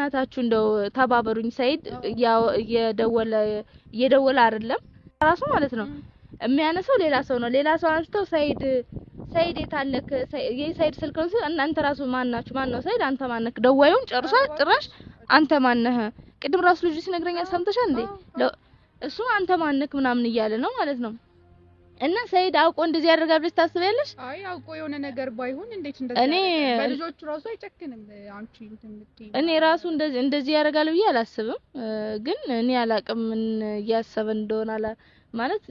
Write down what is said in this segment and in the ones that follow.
በእናታችሁ እንደው ተባበሩኝ። ሰይድ ያው የደወለ የደወለ አይደለም ራሱ ማለት ነው የሚያነሳው ሌላ ሰው ነው። ሌላ ሰው አንስተው ሰይድ ሰይድ የታለክ የሰይድ ስልክ ነው። እናንተ ራሱ ናችሁ ማን ነው ሰይድ? አንተ ማን ማነህ? ደዋዩን ጨርሳ ጭራሽ አንተ ማን ነህ ቅድም ራሱ ልጅ ሲነግረኛ ሰምተሻል እንዴ? እሱ አንተ ማን ማነህ ምናምን እያለ ነው ማለት ነው እና ሰይድ አውቆ እንደዚህ ያደርጋል ብለሽ ታስቢያለሽ? አይ አውቆ የሆነ ነገር ባይሆን እንዴት እንደዚህ እኔ በልጆቹ ራሱ አይጨክንም። አንቺ እኔ ራሱ እንደዚህ እንደዚህ ያደርጋል ብዬ አላስብም፣ ግን እኔ አላቅም ምን እያሰበ እንደሆነ አላ ማለት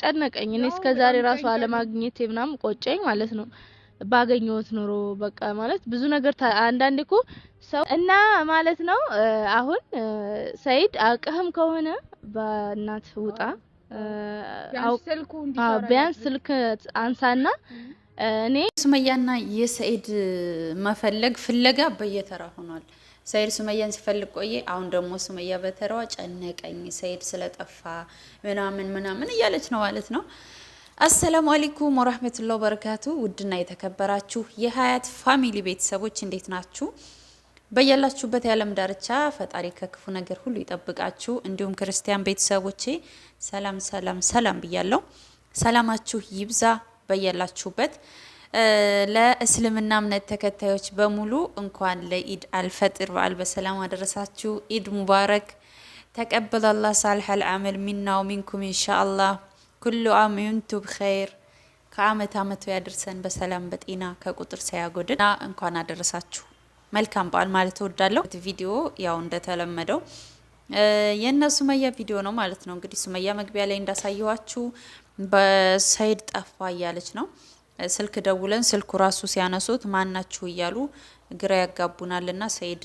ጨነቀኝ። እኔ እስከዛሬ ራሱ አለማግኘት ምናምን ቆጨኝ ማለት ነው። ባገኘሁት ኑሮ በቃ ማለት ብዙ ነገር አንዳንዴ እኮ ሰው እና ማለት ነው። አሁን ሰይድ አቅህም ከሆነ በእናት ውጣ ቢያንስ ስልክ አንሳና እኔ ሱመያና የሰኢድ መፈለግ ፍለጋ በየተራ ሆኗል። ሰኢድ ሱመያን ሲፈልግ ቆየ። አሁን ደግሞ ሱመያ በተራዋ ጨነቀኝ ሰኢድ ስለጠፋ ምናምን ምናምን እያለች ነው ማለት ነው። አሰላሙ አሌይኩም ወራህመቱላሂ ወበረካቱ። ውድና የተከበራችሁ የሀያት ፋሚሊ ቤተሰቦች እንዴት ናችሁ? በያላችሁበት የዓለም ዳርቻ ፈጣሪ ከክፉ ነገር ሁሉ ይጠብቃችሁ። እንዲሁም ክርስቲያን ቤተሰቦቼ ሰላም ሰላም ሰላም ብያለሁ። ሰላማችሁ ይብዛ በያላችሁበት። ለእስልምና እምነት ተከታዮች በሙሉ እንኳን ለኢድ አልፈጥር በዓል በሰላም አደረሳችሁ። ኢድ ሙባረክ ተቀበል አላህ ሳልሕ አልዓመል ሚና ወሚንኩም ኢንሻአላህ። ኩሉ አም ብኸይር ከአመት አመቱ ያደርሰን በሰላም በጤና ከቁጥር ሳያጎድል። እንኳን አደረሳችሁ። መልካም በዓል ማለት እወዳለሁ። ቪዲዮ ያው እንደተለመደው የእነ ሱመያ ቪዲዮ ነው ማለት ነው። እንግዲህ ሱመያ መግቢያ ላይ እንዳሳየኋችሁ በሰይድ ጠፋ እያለች ነው። ስልክ ደውለን ስልኩ ራሱ ሲያነሱት ማናችሁ እያሉ ግራ ና ሰይድ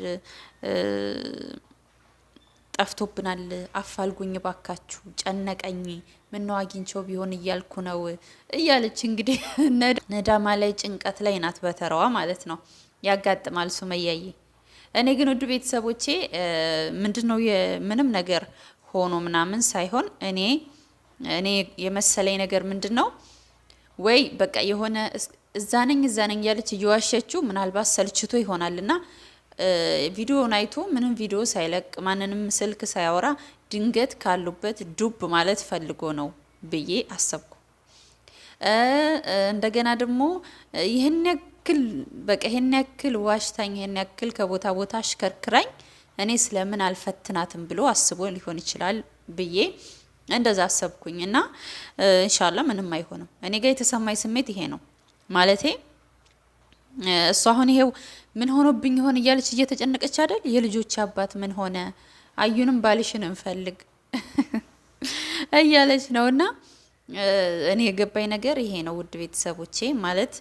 ጠፍቶብናል፣ አፋልጉኝ ባካችሁ፣ ጨነቀኝ፣ ምነው አግኝቸው ቢሆን እያልኩ ነው እያለች እንግዲህ ነዳማ ላይ ጭንቀት ላይ ናት፣ በተረዋ ማለት ነው። ያጋጥማል ሱመያዬ። እኔ ግን ውድ ቤተሰቦቼ ምንድን ነው ምንም ነገር ሆኖ ምናምን ሳይሆን እኔ እኔ የመሰለኝ ነገር ምንድን ነው ወይ በቃ የሆነ እዛነኝ እዛነኝ እያለች እየዋሸችው ምናልባት ሰልችቶ ና ቪዲዮን አይቶ ምንም ቪዲዮ ሳይለቅ ማንንም ስልክ ሳያወራ ድንገት ካሉበት ዱብ ማለት ፈልጎ ነው ብዬ አሰብኩ። እንደገና ደግሞ ይህን ያክል በቃ ይህን ያክል ዋሽታኝ፣ ይህን ያክል ከቦታ ቦታ አሽከርክራኝ እኔ ስለምን አልፈትናትም ብሎ አስቦ ሊሆን ይችላል ብዬ እንደዛ አሰብኩኝ እና እንሻላ ምንም አይሆንም። እኔ ጋር የተሰማኝ ስሜት ይሄ ነው ማለቴ እሱ አሁን ይሄው ምን ሆኖብኝ ይሆን እያለች እየተጨነቀች አይደል? የልጆች አባት ምን ሆነ፣ አዩንም ባልሽን እንፈልግ እያለች ነው። እና እኔ የገባኝ ነገር ይሄ ነው ውድ ቤተሰቦቼ ማለት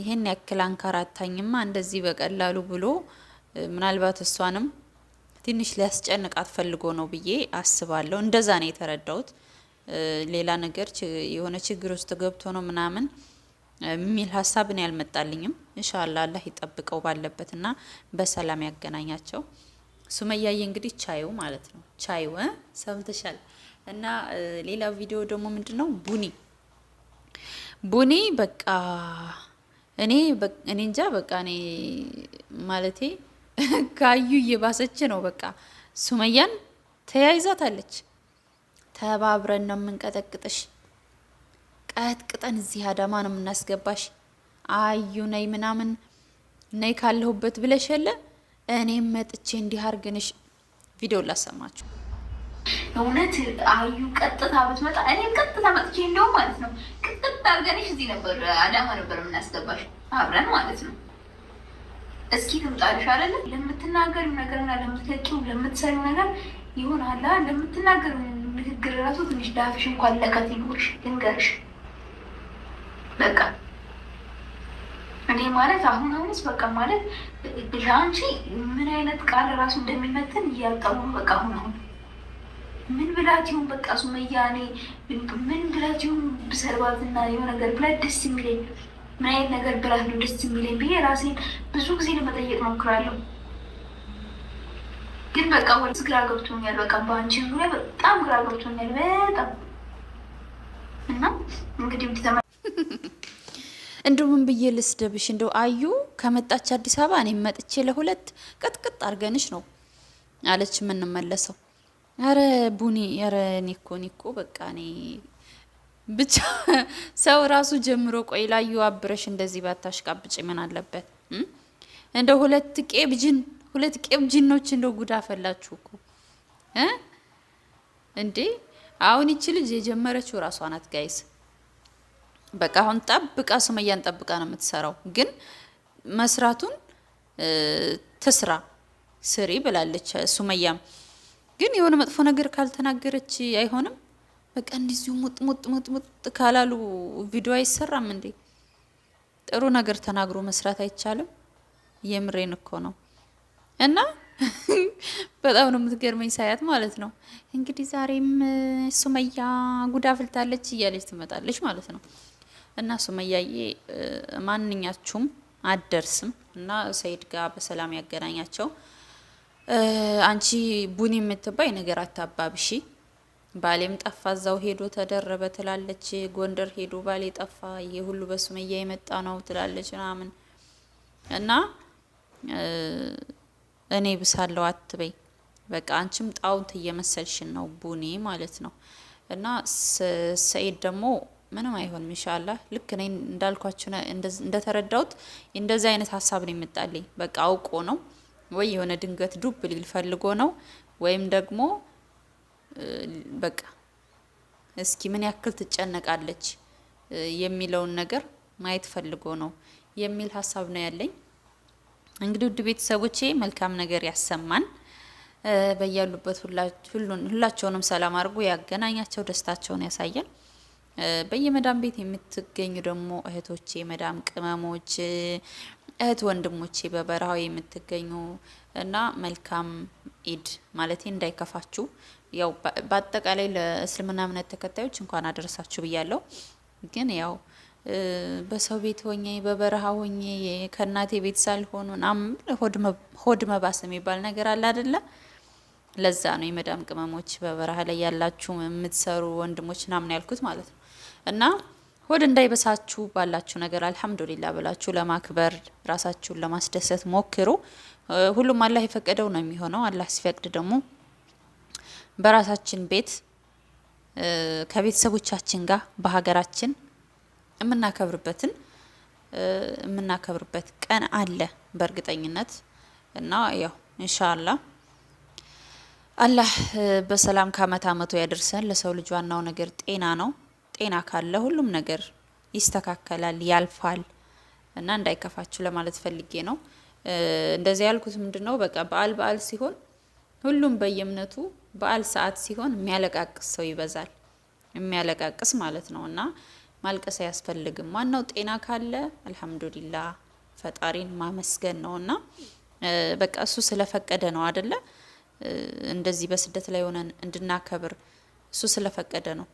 ይሄን ያክል አንካራታኝማ እንደዚህ በቀላሉ ብሎ ምናልባት እሷንም ትንሽ ሊያስጨንቃት ፈልጎ ነው ብዬ አስባለሁ። እንደዛ ነው የተረዳሁት። ሌላ ነገር የሆነ ችግር ውስጥ ገብቶ ነው ምናምን የሚል ሀሳብ ያልመጣልኝም። እንሻላ አላህ ይጠብቀው ባለበትና በሰላም ያገናኛቸው። ሱመያዬ እንግዲህ ቻዩ ማለት ነው ቻዩ ሰምተሻል። እና ሌላ ቪዲዮ ደግሞ ምንድን ነው ቡኒ ቡኒ በቃ እኔ እኔ እንጃ በቃ እኔ ማለቴ ካዩ እየባሰች ነው። በቃ ሱመያን ተያይዛታለች። ተባብረን ነው የምንቀጠቅጥሽ ቀጥቅጠን እዚህ አዳማ ነው የምናስገባሽ። አዩ ነይ ምናምን ነይ ካለሁበት ብለሽ የለ እኔም መጥቼ እንዲህ አርግንሽ። ቪዲዮ ላሰማችሁ። እውነት አዩ ቀጥታ ብትመጣ እኔም ቀጥታ መጥቼ እንደው ማለት ነው ቅጥጥ አርገንሽ እዚህ ነበር አዳማ ነበር የምናስገባሽ አብረን ማለት ነው። እስኪ ትምጣልሽ አለ ለምትናገሪው ነገርና ለምትለቂው ለምትሰሪው ነገር ይሆን አላ ለምትናገሪው ንግግር ራሱ ትንሽ ዳፍሽ እንኳን ለቀት ይኖርሽ ልንገርሽ በቃ እኔ ማለት አሁን አሁንስ በቃ ማለት ለአንቺ ምን አይነት ቃል ራሱ እንደሚመጥን እያጣሁ ነው። በቃ አሁን አሁን ምን ብላት በቃ ሱመያ፣ እኔ ምን ብላት ብሰርባትና የሆነ ነገር ብላት ደስ የሚለኝ ምን አይነት ነገር ብላት ነው ደስ የሚለኝ ብዬ ራሴን ብዙ ጊዜ ለመጠየቅ ሞክራለሁ። ግን በቃ ወደ ግራ ገብቶኛል። በቃ በአንቺ ዙሪያ በጣም ግራ ገብቶኛል። በጣም እና እንግዲህ እንደው ምን ብዬ ልስደብሽ? እንደው አዩ ከመጣች አዲስ አበባ እኔ መጥቼ ለሁለት ቅጥቅጥ አርገንሽ ነው አለች የምንመለሰው። አረ ቡኒ፣ አረ ኒኮ፣ ኒኮ በቃ እኔ ብቻ ሰው ራሱ ጀምሮ ቆይ ላዩ አብረሽ እንደዚህ ባታሽቃብጭ ምን አለበት? እንደ ሁለት ቄብ ጅን ሁለት ቄብ ጅኖች እንደው ጉዳ ፈላችሁ እኮ እንዴ! አሁን ይቺ ልጅ የጀመረችው ራሷ ናት ጋይስ። በቃ አሁን ጠብቃ ሱመያን ጠብቃ ነው የምትሰራው። ግን መስራቱን ትስራ ስሪ ብላለች። ሱመያም ግን የሆነ መጥፎ ነገር ካልተናገረች አይሆንም። በቃ እንደዚሁ ሙጥ ሙጥ ሙጥ ሙጥ ካላሉ ቪዲዮ አይሰራም እንዴ? ጥሩ ነገር ተናግሮ መስራት አይቻልም? የምሬን እኮ ነው። እና በጣም ነው የምትገርመኝ ሳያት ማለት ነው። እንግዲህ ዛሬም ሱመያ ጉድ አፍልታለች እያለች ትመጣለች ማለት ነው። እና ሱመያዬ ማንኛችሁም አደርስም እና ሰይድ ጋር በሰላም ያገናኛቸው። አንቺ ቡኒ የምትባይ ነገር አታባብሺ። ባሌም ጠፋ እዛው ሄዶ ተደረበ ትላለች። ጎንደር ሄዶ ባሌ ጠፋ፣ ይሄ ሁሉ በሱመያ የመጣ ነው ትላለች ምናምን እና እኔ ብሳለው አትበይ። በቃ አንቺም ጣውንት እየመሰልሽን ነው ቡኒ ማለት ነው። እና ሰይድ ደግሞ ምንም አይሆንም። ኢንሻአላህ ልክ እኔ እንዳልኳችሁ እንደተረዳሁት እንደዚህ አይነት ሀሳብ ነው የመጣልኝ። በቃ አውቆ ነው ወይ የሆነ ድንገት ዱብ ሊል ፈልጎ ነው ወይም ደግሞ በቃ እስኪ ምን ያክል ትጨነቃለች የሚለውን ነገር ማየት ፈልጎ ነው የሚል ሀሳብ ነው ያለኝ። እንግዲህ ውድ ቤተሰቦቼ መልካም ነገር ያሰማን በያሉበት ሁላቸውንም ሰላም አድርጎ ያገናኛቸው፣ ደስታቸውን ያሳያል። በየመዳም ቤት የምትገኙ ደግሞ እህቶቼ መዳም ቅመሞች እህት ወንድሞቼ በበረሃው የምትገኙ እና መልካም ኢድ ማለት እንዳይከፋችሁ። ያው በአጠቃላይ ለእስልምና እምነት ተከታዮች እንኳን አደረሳችሁ ብያለሁ። ግን ያው በሰው ቤት ሆኜ በበረሃ ሆኜ ከእናቴ ቤት ሳልሆኑ ሆድ መባስ የሚባል ነገር አለ አደለ? ለዛ ነው የመዳም ቅመሞች በበረሃ ላይ ያላችሁ የምትሰሩ ወንድሞች ናምን ያልኩት ማለት ነው። እና ሆድ እንዳይበሳችሁ ባላችሁ ነገር አልሐምዱሊላ ብላችሁ ለማክበር ራሳችሁን ለማስደሰት ሞክሩ። ሁሉም አላህ የፈቀደው ነው የሚሆነው። አላህ ሲፈቅድ ደግሞ በራሳችን ቤት ከቤተሰቦቻችን ጋር በሀገራችን የምናከብርበትን የምናከብርበት ቀን አለ በእርግጠኝነት እና ያው እንሻላ አላህ በሰላም ከአመት አመቱ ያደርሰን። ለሰው ልጅ ዋናው ነገር ጤና ነው። ጤና ካለ ሁሉም ነገር ይስተካከላል፣ ያልፋል እና እንዳይከፋችሁ ለማለት ፈልጌ ነው። እንደዚህ ያልኩት ምንድን ነው በቃ በዓል በዓል ሲሆን ሁሉም በየእምነቱ በዓል ሰዓት ሲሆን የሚያለቃቅስ ሰው ይበዛል። የሚያለቃቅስ ማለት ነው እና ማልቀስ አያስፈልግም። ዋናው ጤና ካለ አልሐምዱሊላ ፈጣሪን ማመስገን ነው እና በቃ እሱ ስለፈቀደ ነው አደለ? እንደዚህ በስደት ላይ ሆነን እንድናከብር እሱ ስለፈቀደ ነው።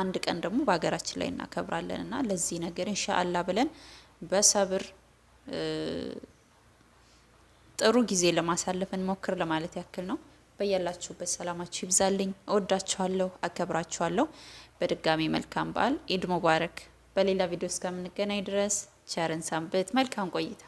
አንድ ቀን ደግሞ በሀገራችን ላይ እናከብራለን እና ለዚህ ነገር እንሻአላ ብለን በሰብር ጥሩ ጊዜ ለማሳለፍ እንሞክር ለማለት ያክል ነው። በያላችሁበት ሰላማችሁ ይብዛልኝ። እወዳችኋለሁ፣ አከብራችኋለሁ። በድጋሚ መልካም በዓል ኢድ ሙባረክ። በሌላ ቪዲዮ እስከምንገናኝ ድረስ ቸርን ሰንብት። መልካም ቆይታ